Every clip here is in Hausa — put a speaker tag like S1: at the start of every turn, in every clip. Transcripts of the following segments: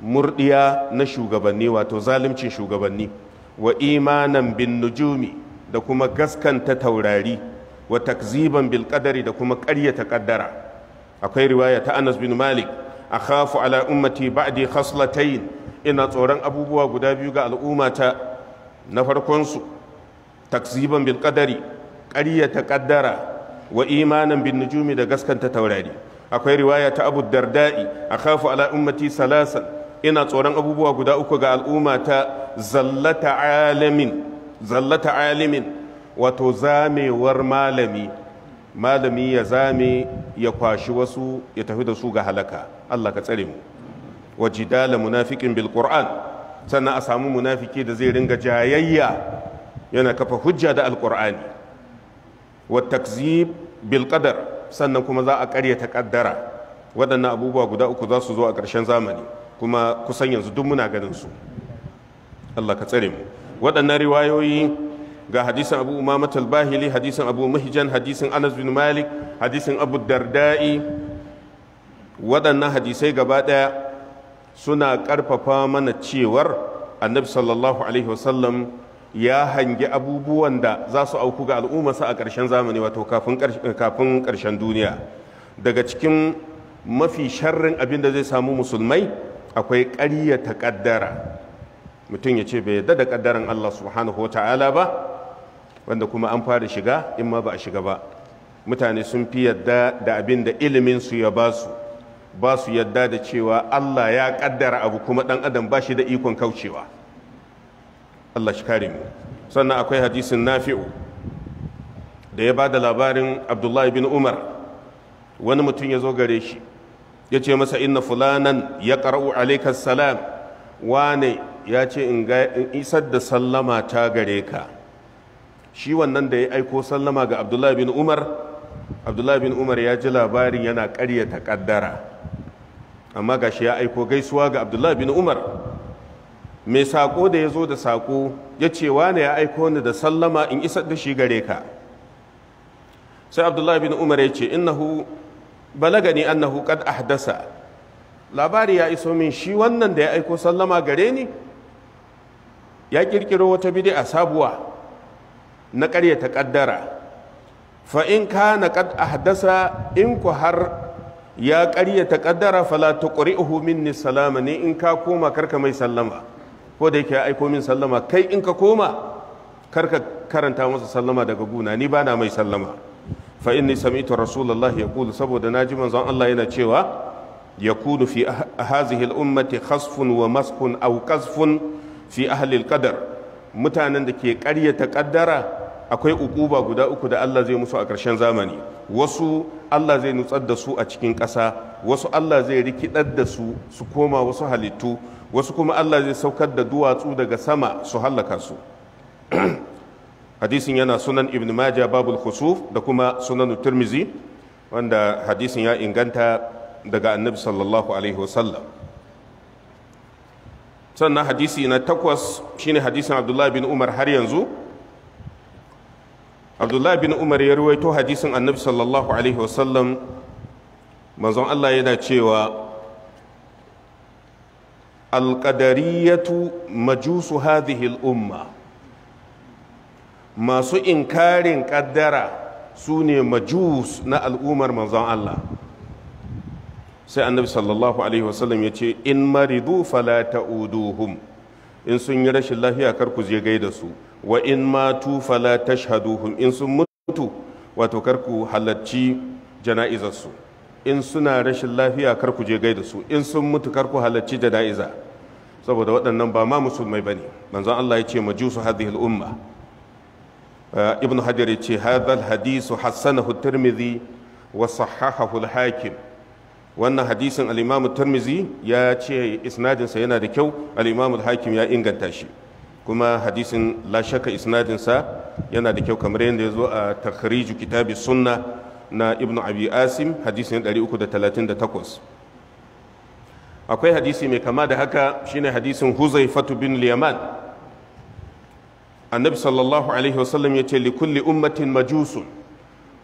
S1: murdiya na shugabanni wato zalimcin shugabanni wa imanan bin nujumi da kuma gaskanta taurari wa takziban bil qadari da kuma ƙaryata kaddara. akwai riwaya ta Anas bin Malik akhafu ala ummati ba'di khaslatayn ina tsoron abubuwa guda biyu ga al'ummata na farkon su takziban bil qadari ƙaryata kaddara wa imanan bin nujumi da gaskanta taurari akwai riwaya ta abu darda'i a kafu ala ummati salasan ina tsoron abubuwa guda uku ga al'umma ta zallata alimin zallata wato zamewar malami malami ya zame ya kwashi wasu ya tafi da su ga halaka Allah ka tsare mu wa jidala bil qur'an sannan a samu munafiki da zai ringa jayayya yana kafa hujja da alqur'ani wa takzib bil qadar sannan kuma za a ƙaryata ƙaddara waɗannan abubuwa guda uku za su zo a ƙarshen zamani kuma kusan yanzu duk muna ganin su Allah ka tsare mu waɗannan riwayoyi ga hadisin Abu Umama Talbahili hadisin Abu Muhjan hadisin Anas bin Malik hadisin Abu Darda'i waɗannan hadisai gaba ɗaya suna ƙarfafa mana cewar annabi sallallahu alaihi wasallam ya hangi abubuwan da za su auku ga al'ummarsa a ƙarshen zamani wato kafin ƙarshen duniya daga cikin mafi sharrin abin da zai samu musulmai akwai ta ƙaddara mutum ya ce bai yadda da ƙaddaran Allah subhanahu wa ta'ala ba wanda kuma an fara shiga in ma ba a shiga ba mutane sun fi yadda da abin da ilimin su ya ba su ba su yadda da cewa Allah ya ƙaddara abu kuma ɗan adam ba shi da ikon kaucewa Allah shi kare mu sannan akwai hadisin nafi'u da ya ba da labarin abdullahi bin umar wani mutum ya zo gare shi ya ce masa inna fulanan ya kar'u alaikas salam wane ya ce in isar da sallama ta gare ka shi wannan da ya aiko sallama ga abdullahi bin umar abdullahi bin umar ya ji labarin yana ƙaryata ƙaddara amma ga shi ya aiko gaisuwa ga abdullahi bin umar mai saƙo da ya zo da saƙo ya ce wane ya aiko ni da sallama in isar da shi gare ka sai abdullahi bin umar ya ce innahu Balaga balagani annahu qad ahdasa labari ya iso min shi wannan da ya aiko sallama gare ni ya kirkiro wata bid'a sabuwa na ƙaryata ƙaddara fa in kana qad ahdasa in ku har ya ta kaddara fala tuqri'uhu minni salama ne in ka koma karka mai sallama ko da yake aiko min sallama kai in ka koma karka karanta masa sallama daga guna ni bana mai sallama fa inni sami'tu rasulullahi yaqulu saboda naji manzon Allah yana cewa yakunu fi ah-, hazihi al-ummati khasfun wa maskun aw qazfun fi ahli al-qadar mutanen da ke ƙaryata ƙaddara akwai ukuba guda uku da Allah zai musu a ƙarshen zamani wasu Allah zai nutsar da su a cikin ƙasa wasu Allah zai rikidar da su su koma wasu halittu wasu kuma Allah zai saukar da duwatsu daga sama su hallaka su hadisin yana sunan ibn maja babul khusuf da kuma sunan turmizi wanda hadisin ya inganta daga annabi sallallahu alaihi wasallam sannan hadisi na takwas shine hadisin abdullahi bin umar har yanzu abdullahi bin umar ya ruwaito hadisin annabi sallallahu alaihi wasallam manzon allah yana cewa alƙadariyatu majusu hadhihi al'umma masu inkarin kaddara su ne majus na al'ummar manzon Allah sai annabi sallallahu alaihi wasallam ya ce in maridu fala ta'uduhum in sun yi rashin lafiya kar ku je gaida su wa in matu fala tashhaduhum in sun mutu wato kar ku halarci jana'izar su in suna rashin lafiya kar ku je gaida su in sun mutu kar ku halarci jana'iza saboda waɗannan ba ma musulmai bane manzon Allah ya ce majusu hadhihi al-umma ibn hajar ya ce hadal hadisu hassanahu tirmidhi wa sahahahu al-hakim wannan hadisin al-imam tirmidhi ya ce isnadinsa yana da kyau al-imam al-hakim ya inganta shi kuma hadisin la shakka isnadinsa yana da kyau kamar yadda ya zo a takhriju kitabi sunna na ibn abi asim hadisin 338 akwai hadisi mai kama da haka shine hadisin huzaifatu bin liyaman annabi sallallahu alaihi wasallam ya ce likulli ummatin majusun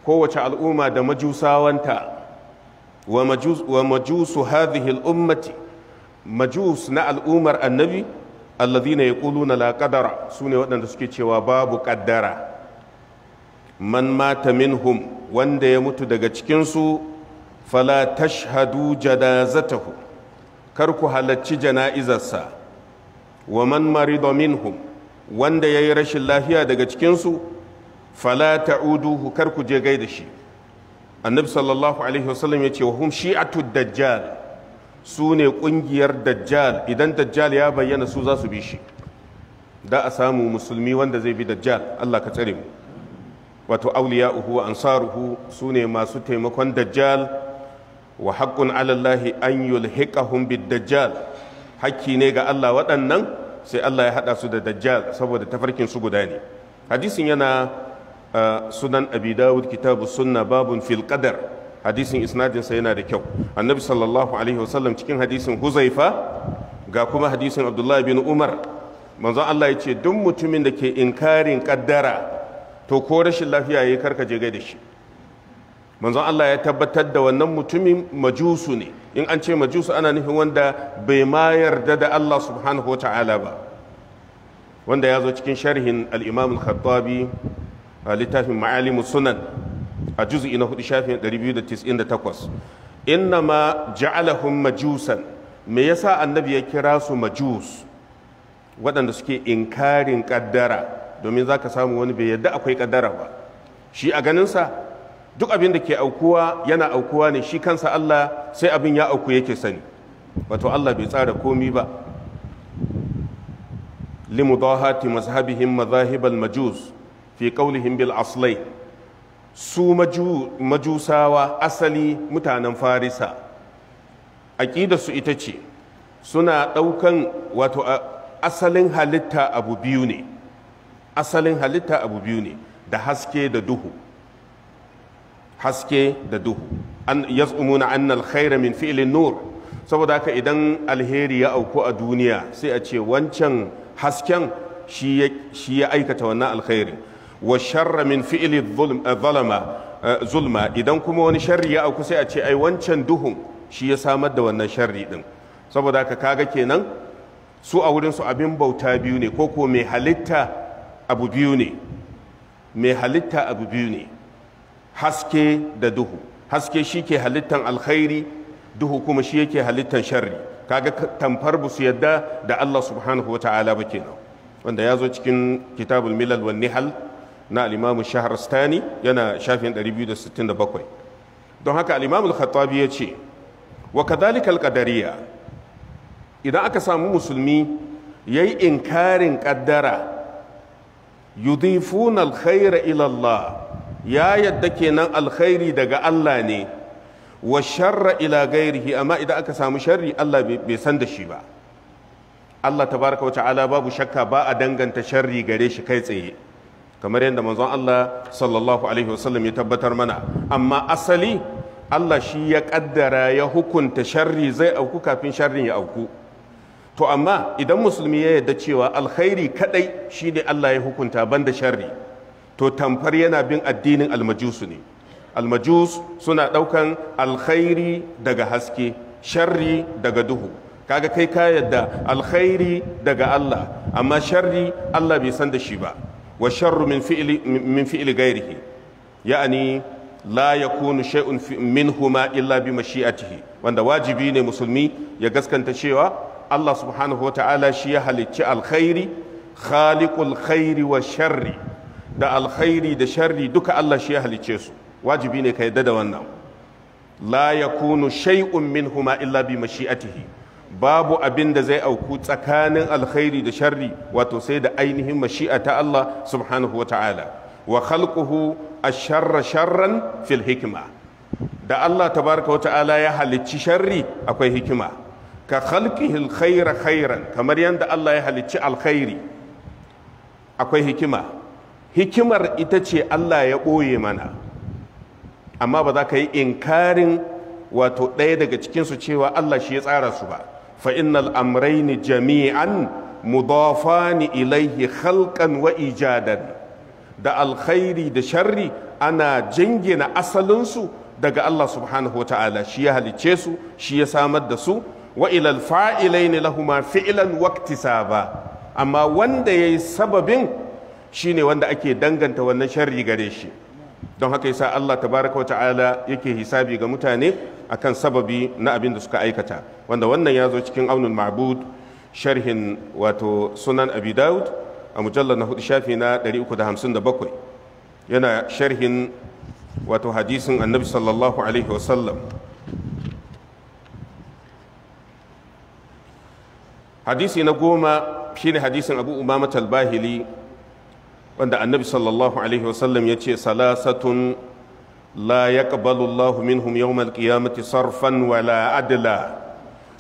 S1: kowace al'umma da majusawanta wa majusu hadhihi al'ummati majus na al'ummar annabi alladhina yaquluna la qadara sune waɗanda suke cewa babu qaddara man mata minhum wanda ya mutu daga cikinsu fala tashhadu jadazatahu kar ku halarci jana'izarsa wa man marida minhum wanda ya yi rashin lafiya daga cikinsu fala ta'uduhu kar ku je gaida shi annabi sallallahu alaihi wasallam ya ce wa hum shi'atu dajjal su ne kungiyar dajjal idan dajjal ya bayyana su za su bi shi da a samu musulmi wanda zai bi dajjal Allah ka tsare mu wato auliya'uhu wa ansaruhu su ne masu taimakon dajjal wa haqqun 'ala Allah an yulhiqahum bid dajjal hakki ne ga Allah waɗannan sai Allah ya haɗa su da dajjal saboda tafarkin su guda ne hadisin yana uh, sunan abi dawud kitabu sunna babun fil qadar hadisin isnadinsa yana da kyau annabi sallallahu alaihi wasallam cikin hadisin huzaifa ga kuma hadisin abdullahi bin umar manzon Allah ya ce duk mutumin da ke inkarin kaddara to ko rashin lafiya ya karkaje gai da shi manzon Allah ya tabbatar da wannan mutumin majusu ne in an ce majusu ana nufin wanda bai ma yarda da Allah subhanahu wa ta'ala ba wanda ya zo cikin sharhin al-imam al-khattabi a littafin ma'alimu sunan a juz'i na hudu shafin 298 inna ma ja'alahum majusan me yasa annabi ya kira su majus waɗanda suke inkarin kaddara domin zaka samu wani bai yadda akwai kaddara ba shi a ganin sa. duk abin da ke aukuwa yana aukuwa ne shi kansa Allah sai abin ya auku yake sani wato Allah bai tsara komi ba limudahati mazhabihim mazahibal majus fi qawlihim bil aslai su majusawa asali mutanen farisa aqida su ita ce suna daukan wato asalin halitta abu biyu ne asalin halitta abu biyu ne da haske da duhu haske da duhu an yaz'umuna annal alkhaira min fi'lin nur saboda haka idan alheri ya auku a duniya sai a ce wancan hasken shi ya aikata wannan alkhairi wa sharra min fi'li eh, eh, zulma idan kuma wani sharri ya auku sai a ce ai wancan duhun shi ya samar da wannan sharri din saboda haka kaga kenan su a wurin su abin bauta biyu ne ko ko mai halitta abu biyu ne mai halitta abu biyu ne haske da duhu haske shi ke halittan alkhairi duhu kuma shi yake halittan sharri kaga tamfar ba su yadda da Allah subhanahu wa ta'ala ba kenan wanda ya zo cikin kitabul milal wan nihal na al-imam shahrastani yana shafin 267 don haka al-imam al-khattabi ya ce wa kadhalika al-qadariyya idan aka samu musulmi yayi inkarin kaddara yudifuna al-khayra ila Allah ya yadda kenan alkhairi daga Allah ne wa sharra ila gairihi amma idan aka samu sharri Allah bai san da shi ba Allah tabaraka wa ala babu shakka ba a danganta sharri gare shi kai tsaye kamar yadda manzon Allah sallallahu alaihi wasallam ya tabbatar mana amma asali Allah shi ya kaddara ya hukunta sharri zai auku kafin sharrin ya auku to amma idan musulmi ya yarda cewa alkhairi kadai ne Allah ya hukunta banda sharri to tamfar yana bin addinin almajusu ne almajus suna ɗaukan alkhairi daga haske sharri daga duhu kaga kai ka yadda alkhairi daga Allah amma sharri Allah bai san da shi ba wa sharru min fi'li min fi'li ghairihi ya'ani la yakunu shay'un minhuma illa bi mashi'atihi wanda wajibi ne musulmi ya gaskanta cewa Allah subhanahu wa ta'ala shi ya halicci alkhairi khaliqul khairi wa sharri da alkhairi da sharri duka Allah shi ya halice su wajibi ne ka yadda da wannan la yakunu shay'un minhuma illa bi mashi'atihi babu abin da zai auku tsakanin alkhairi da sharri wato sai da ainihin mashi'ata Allah subhanahu wa ta'ala wa khalquhu asharra sharran fil hikma da Allah tabaraka wa ta'ala ya halicci sharri akwai hikima ka khalqihi alkhaira khairan kamar yanda Allah ya halicci alkhairi akwai hikima hikimar ita ce Allah ya ɓoye mana amma ba za ka yi inkarin wato ɗaya daga cikinsu cewa Allah shi ya tsara su ba fa innal amraini jami'an mudafani ilaihi khalqan wa ijadan da alkhairi da sharri ana jingina asalinsu daga Allah subhanahu wa ta'ala shi ya halicce su shi ya samar da su wa ilal fa'ilaini lahuma fi'lan waqtisaba amma wanda yayi sababin shine wanda ake danganta wannan sharri gare shi don haka yasa Allah tabaraka wa ta'ala yake hisabi ga mutane akan sababi na abin da suka aikata wanda wannan ya zo cikin aunin ma'bud sharhin wato sunan abi daud a mujallar na hudu shafi na 357 yana sharhin wato hadisin annabi sallallahu alaihi wasallam hadisi na goma shine hadisin abu umama talbahili wanda annabi sallallahu alaihi wasallam ya ce salasatun la yaqbalu Allahu minhum yawmal qiyamati sarfan wala adla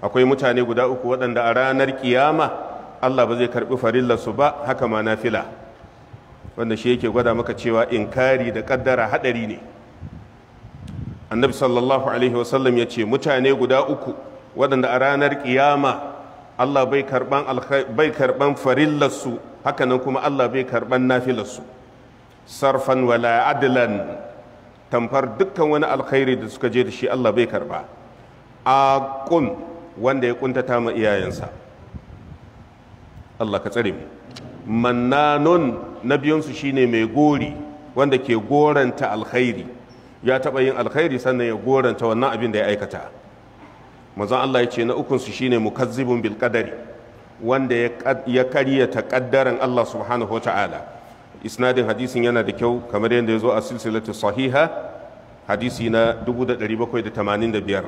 S1: akwai mutane guda uku waɗanda a ranar kiyama Allah ba zai karbi farillar su ba haka ma nafila wanda shi yake gwada maka cewa inkari da kaddara hadari ne annabi sallallahu alaihi wasallam ya ce mutane guda uku waɗanda a ranar kiyama Allah bai karban farillar su hakanan kuma Allah bai karban nafilarsu sarfan wala adlan tamfar dukkan wani alkhairi da suka je da shi Allah bai karba a kun wanda ya kuntata ma iyayensa Allah ka tsare mu mannanun biyunsu shine mai gori wanda ke goranta alkhairi ya taɓa yin alkhairi sannan ya goranta wannan abin da ya aikata manzon Allah ya ce na ukunsu shine mukazzibun bil qadari wanda ya karya taƙaddaran Allah subhanahu wa ta'ala isnadin hadisin yana da kyau kamar yadda ya zo a silsilatu sahiha hadisi na 1785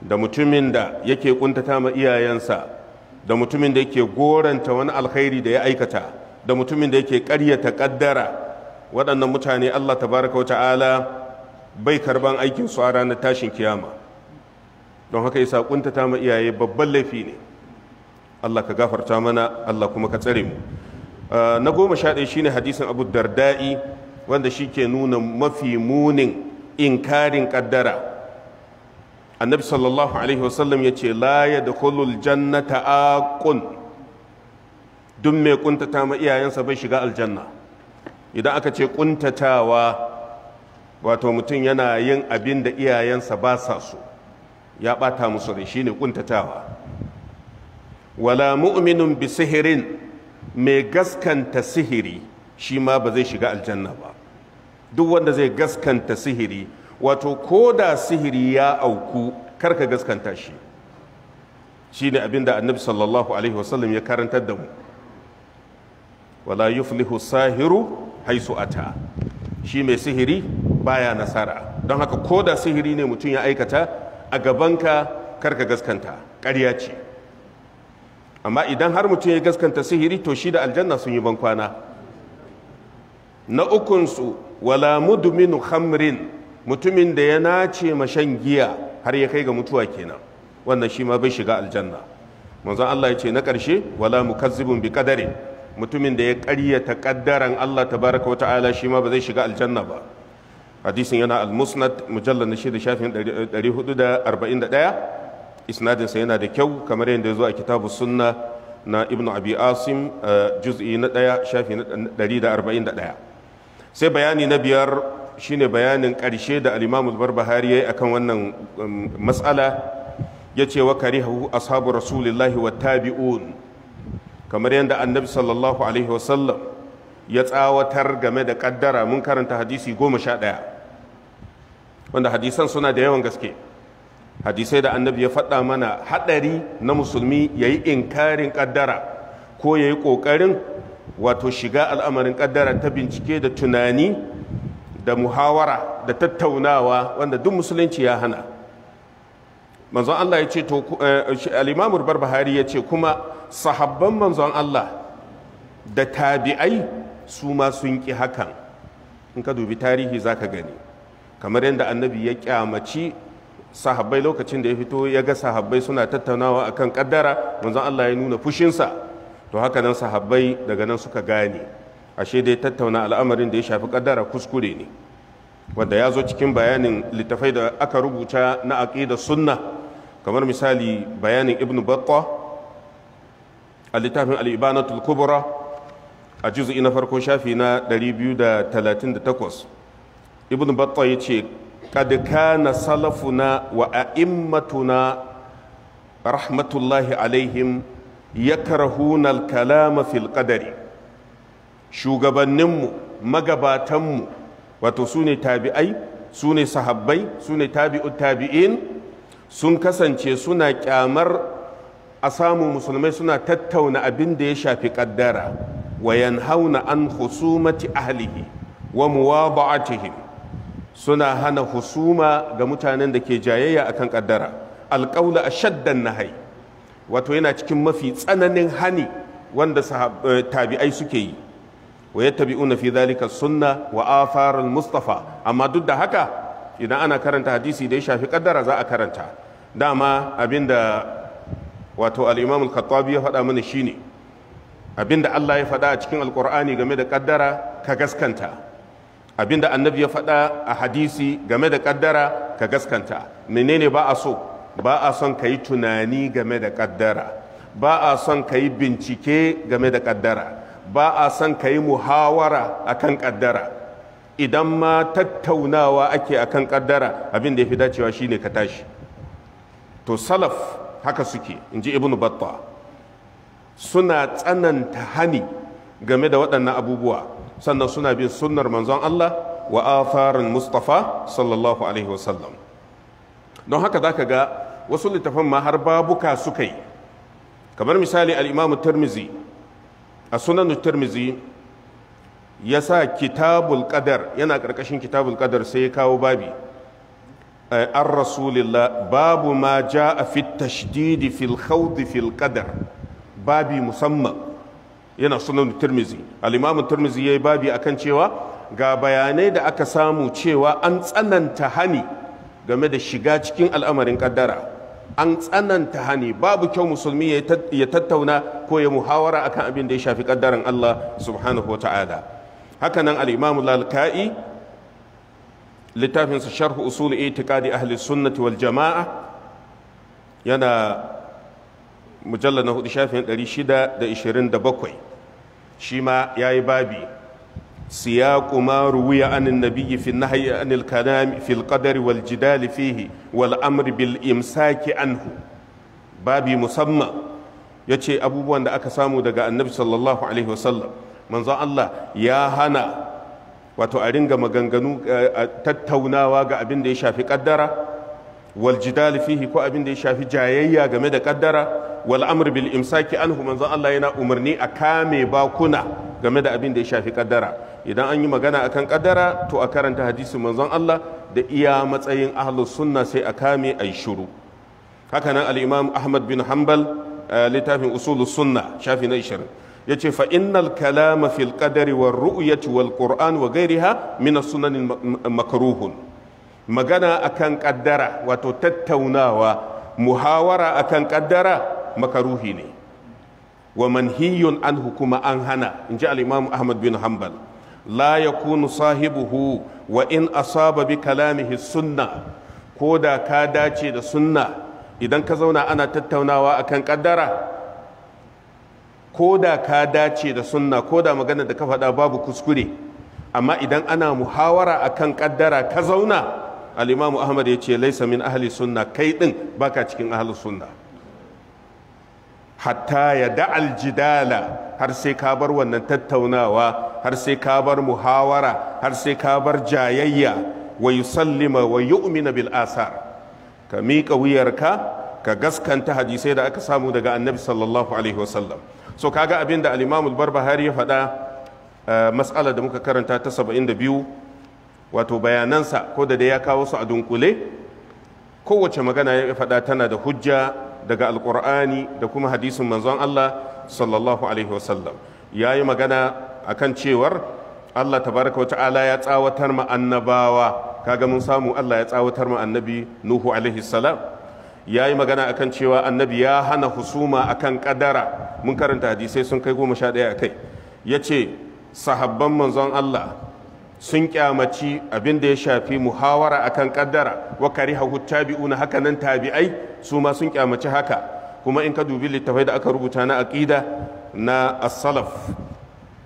S1: da mutumin da yake kuntata ma iyayensa da mutumin da yake goranta wani alkhairi da ya aikata da mutumin da yake ta ƙaddara waɗannan mutane Allah tabaraka wa ta'ala bai karban aikin su a ranar tashin kiyama don haka yasa kuntata ma iyaye babban laifi ne Allah ka gafarta mana Allah kuma ka tsare mu ah, na goma sha ɗaya shine hadisin abu darda'i wanda shi ke nuna mafi munin inkarin ƙaddara annabi sallallahu alaihi wasallam ya ce la ya jannata aqun duk mai kuntata ma iyayensa bai shiga aljanna idan aka ce kuntatawa wato mutum yana yin abin da iyayensa ba sa so ya ɓata musu rai shine kuntatawa wala mu'minun bi sihirin mai gaskanta sihiri shi ma ba zai shiga aljanna ba duk wanda zai gaskanta sihiri wato ko da sihiri ya auku karka gaskanta shi shi ne abin da annabi sallallahu alaihi wasallam ya karantar da mu wala yuflihu sahiru haisu ata shi mai sihiri baya nasara don haka ko da sihiri ne mutum ya aikata a gabanka karka gaskanta ƙarya ce amma idan har mutum ya gaskanta sihiri to shi da aljanna sun yi bankwana na ukunsu wala mudminu khamrin mutumin da ya nace mashan giya har ya kai ga mutuwa kenan wannan shi ma bai shiga aljanna manzon Allah ya ce na ƙarshe wala mukazzibun bi qadari mutumin da ya ƙaryata ƙaddaran Allah tabaraka wata ta'ala shi ma ba zai shiga aljanna ba hadisin yana al-musnad mujallal na shida shafin 441 isnadinsa yana da kyau kamar yadda ya zo a kitabu sunna na ibnu abi asim eh, juz'i na ɗaya shafi na ɗaya. sai bayani na biyar shine bayanin ƙarshe da al-imamu barbahari yayi akan wannan um, Ya ce wa karihu ashabu rasulillahi wa tabi'un kamar yadda annabi sallallahu alaihi wasallam ya tsawatar game da ƙaddara mun karanta hadisi goma sha ɗaya wanda hadisan suna da yawan gaske hadisai da annabi ya faɗa mana haɗari na musulmi ya yi inkarin ƙaddara ko ya yi ƙoƙarin wato shiga al'amarin ƙaddara ta bincike da tunani da muhawara da tattaunawa wanda duk musulunci ya hana manzon Allah ya ce to eh, al'imamur barbahari ya ce kuma sahabban manzon Allah da tabi'ai su ma sun ƙi hakan in ka dubi tarihi za ka gani kamar yadda annabi ya ƙyamaci sahabbai lokacin da ya fito ya ga sahabbai suna tattaunawa akan kaddara manzon Allah ya nuna fushinsa to haka nan sahabbai daga nan suka gane ashe dai tattauna al'amarin da ya shafi kaddara kuskure ne wanda ya zo cikin bayanin littafai da aka rubuta na aqida sunna kamar misali bayanin ibn batta a littafin al kubra a juz'i na farko shafi na 238 ibn batta ce. قد كان سلفنا وأئمتنا rahmatullahi alaihim عليهم يكرهون الكلام في القدر shugabanninmu magabatanmu wato su tabi'ai su ne sahabbai su ne tabi'in sun kasance suna kyamar a samu musulmai suna tattauna abin da ya shafi kaddara wa yanhauna an husumati ahlihi wa muwada'atihim suna hana husuma ga mutanen da ke jayayya akan kaddara alƙaula a shaddan nahai wato yana cikin mafi tsananin hani wanda eh, tabi'ai suke yi wa yattabi'una fi dhalika sunna wa afaral mustafa amma duk da haka idan ana karanta hadisi da ya shafi kaddara za a karanta dama abinda wato al-imam al-khattabi ya faɗa mana shine abinda Allah ya faɗa a cikin Alƙur'ani game da kaddara ka gaskanta abinda annabi ya faɗa a hadisi game da ƙaddara ka gaskanta menene ba a so ba a son ka yi tunani game da ƙaddara ba a son ka yi bincike game da ƙaddara ba a son ka yi muhawara akan ƙaddara idan ma tattaunawa ake akan ƙaddara abin da ya fi dacewa shine ka tashi to salaf haka suke in ji ibnu batta suna tsananta hani game da waɗannan abubuwa sannan suna bin sunnar manzon Allah wa atharin Mustafa sallallahu alaihi wasallam don haka zaka ga wasu littafan ma har babuka suka yi kamar misali alimamu tirmizi a sunan tirmizi ya sa kitabul qadar yana ƙarƙashin kitabul qadar sai ya kawo babi eh, an rasulillah babu ma ja a fi tashdidi fil khawdi fil qadar babi musamman yana sunan tirmizi al'imamin turmizi ya yi babi akan cewa ga bayanai da aka samu cewa an tsananta hani game da shiga cikin al'amarin kaddara an tsananta hani babu kyau musulmi ya tattauna ko ya muhawara akan abin da ya shafi kaddaran Allah subhanahu wa ta'ala hakanan al'imamu lalka'i littafinsa sharhu usul itikadi ahli sunnati wal jama'a yana mujallar na hudu shafin 627 shi ma ya yi babi سياق ما روي عن النبي في النهي عن wal في fihi wal bil imsaki anhu babi musamman yace abubuwan da aka samu daga annabi sallallahu alaihi wasallam Manzo Allah ya hana wato a ringa maganganu eh, tattaunawa ga abin da ya shafi kaddara wal jidal fihi ko abin da ya shafi jayayya game da kaddara wal amr bil imsaki anhu manzon Allah yana umarni a kame bakuna game da abin da ya shafi kaddara idan an yi magana akan kaddara to a karanta hadisin manzon Allah da iya matsayin ahlus sunna sai a kame yi shiru haka nan Ahmad bin Hanbal eh, littafin usulus sunna shafi na 20 yace fa innal kalama fil qadari war ru'yati wal qur'an wa ghayriha min as-sunan makruhun magana akan kaddara wato tattaunawa muhawara akan kaddara makaruhi ne wa manhiyun an hukuma an hana in ji al'imamu ahmad bin hanbal la ya kunu sahibuhu wa in asaba bi kalamihi sunna ko da ka dace da sunna idan ka zauna ana tattaunawa akan kaddara ko da ka dace da sunna ko da magana da ka faɗa babu kuskure amma idan ana muhawara akan kaddara ka zauna al'imamu ahmad ya ce laisa min ahli sunna kai ɗin baka cikin ahli sunna hatta ya da'al jidala har sai ka bar wannan tattaunawa har sai ka bar muhawara har sai ka bar jayayya wa yusallima wa yu'mina bil asar ka miƙa wuyarka ka gaskanta hadisai da aka samu daga annabi sallallahu alaihi wasallam so kaga abin da al-imam al-barbahari ya faɗa eh, mas'ala da muka karanta ta 72 wato bayanansa ko da ya kawo su a dunkule kowace magana ya faɗa tana da hujja daga alkur'ani da kuma hadisin manzon Allah sallallahu alaihi wasallam ya yi magana akan cewar Allah tabaraka wa ta'ala ya tsawatar ma annabawa kaga mun samu Allah ya tsawatar ma annabi Nuhu alaihi salam ya yi magana akan cewa annabi ya hana husuma akan kadara mun karanta hadisai sun kai goma sha ɗaya a kai ya ce sahabban manzon Allah sun kyamaci abin da ya shafi muhawara akan kaddara wa kariha na haka nan tabi'ai su ma sun kyamaci haka kuma in ka dubi littafai da aka rubuta na aqida na as-salaf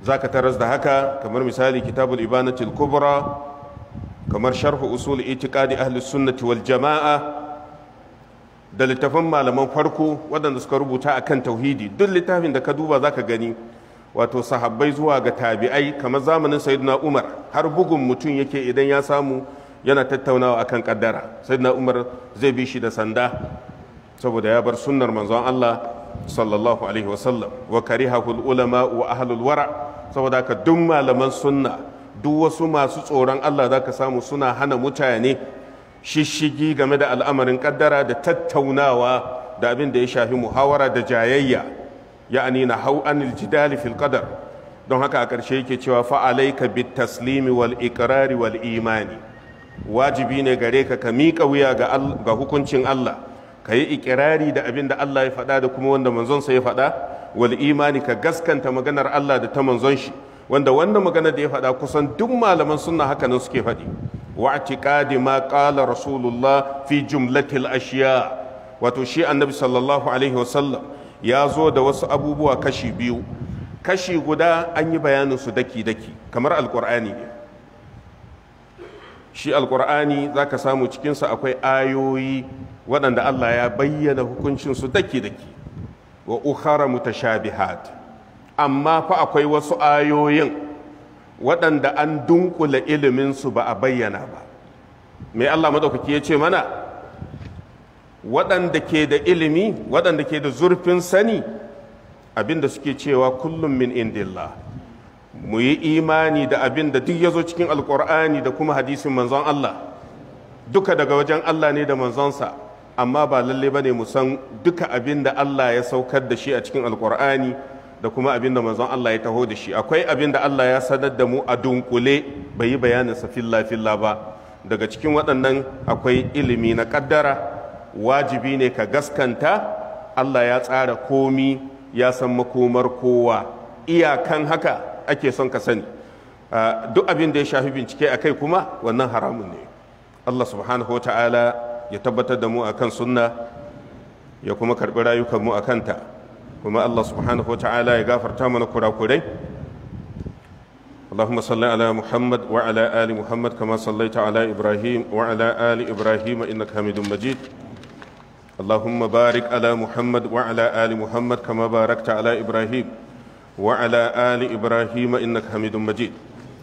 S1: zaka taras da haka kamar misali kitabul ibanatil kubra kamar sharhu usul itiqadi ahli sunnati wal jama'a da littafin malaman farko waɗanda suka rubuta akan tauhidi duk littafin da ka duba zaka gani wato sahabbai zuwa ga tabi'ai kamar zamanin sayyidina umar har bugun mutum yake idan ya samu yana tattaunawa akan kaddara sayyidina umar zai bi shi da sanda saboda ya bar sunnar manzon Allah sallallahu alaihi wasallam wa karihahul ulama wa ahlul wara saboda ka duk malaman sunna duk wasu masu tsoron Allah zaka samu suna hana mutane shishigi game da al'amarin kaddara da tattaunawa da abin da ya shafi muhawara da jayayya ya'ani na hau anil jidali fil qadar don haka a ƙarshe yake cewa fa'alai ka bit taslimi wal iqrari wal imani wajibi ne gare ka ka miƙa wuya ga hukuncin Allah ka yi iƙirari da abin da Allah ya faɗa da kuma wanda manzon sa ya faɗa wal imani ka gaskanta maganar Allah da ta manzon shi wanda wannan magana da ya faɗa kusan duk malaman sunna haka nan suke faɗi wa atiqadi ma qala rasulullah fi jumlatil ashiya wato shi annabi sallallahu alaihi wasallam ya zo da wasu abubuwa kashi biyu kashi guda an yi bayaninsu daki-daki kamar alkur'ani ne shi alkur'ani za ka samu cikinsa akwai ayoyi waɗanda allah ya bayyana hukuncinsu daki-daki wa ukhara mutashabihat amma fa akwai wasu ayoyin waɗanda an dunkula iliminsu ba a bayyana ba mai allah madaukaki ya ce mana waɗanda ke da ilimi waɗanda ke da zurfin sani abinda suke cewa kullum min indillah mu yi imani da abinda duk ya zo cikin alkur'ani da kuma hadisin manzon Allah duka daga wajen Allah ne da manzonsa amma ba lalle ba ne mu san duka abinda Allah ya saukar da shi a cikin alkur'ani da kuma abinda manzon Allah ya taho da shi akwai abinda Allah ya sanar da mu a dunkule bai yi bayanin sa filla filla ba daga cikin waɗannan akwai ilimi na kaddara wajibi ne ka gaskanta Allah ya tsara komi ya san makomar kowa iyakan haka ake son ka sani ah, duk abin da ya shafi bincike a kai kuma wannan haramun ne Allah subhanahu wa ta'ala ya tabbatar da mu a kan sunna ya kuma karɓi mu a kanta kuma Allah subhanahu wa ta'ala ya gafarta mana kurakurai اللهم صل على محمد وعلى آل محمد كما صليت على إبراهيم وعلى آل إبراهيم إنك حميد مجيد اللهم بارك على محمد وعلى آل محمد كما باركت على إبراهيم وعلى آل إبراهيم إنك حميد مجيد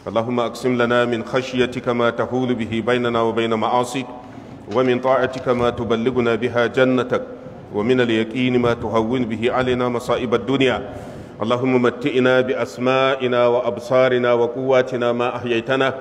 S1: اللهم أقسم لنا من خشيتك ما تحول به بيننا وبين معاصيك ومن طاعتك ما تبلغنا بها جنتك ومن اليقين ما تهون به علينا مصائب الدنيا اللهم متئنا بأسمائنا وأبصارنا وقواتنا ما أحييتنا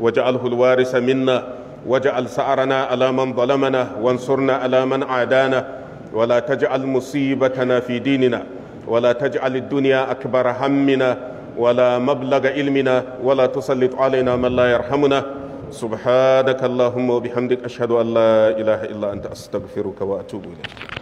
S1: واجعله الوارث منا واجعل سعرنا على من ظلمنا وانصرنا على من عادانا ولا تجعل مصيبتنا في ديننا ولا تجعل الدنيا أكبر همنا ولا مبلغ علمنا ولا تسلط علينا من لا يرحمنا سبحانك اللهم وبحمدك أشهد أن لا إله إلا أنت أستغفرك وأتوب إليك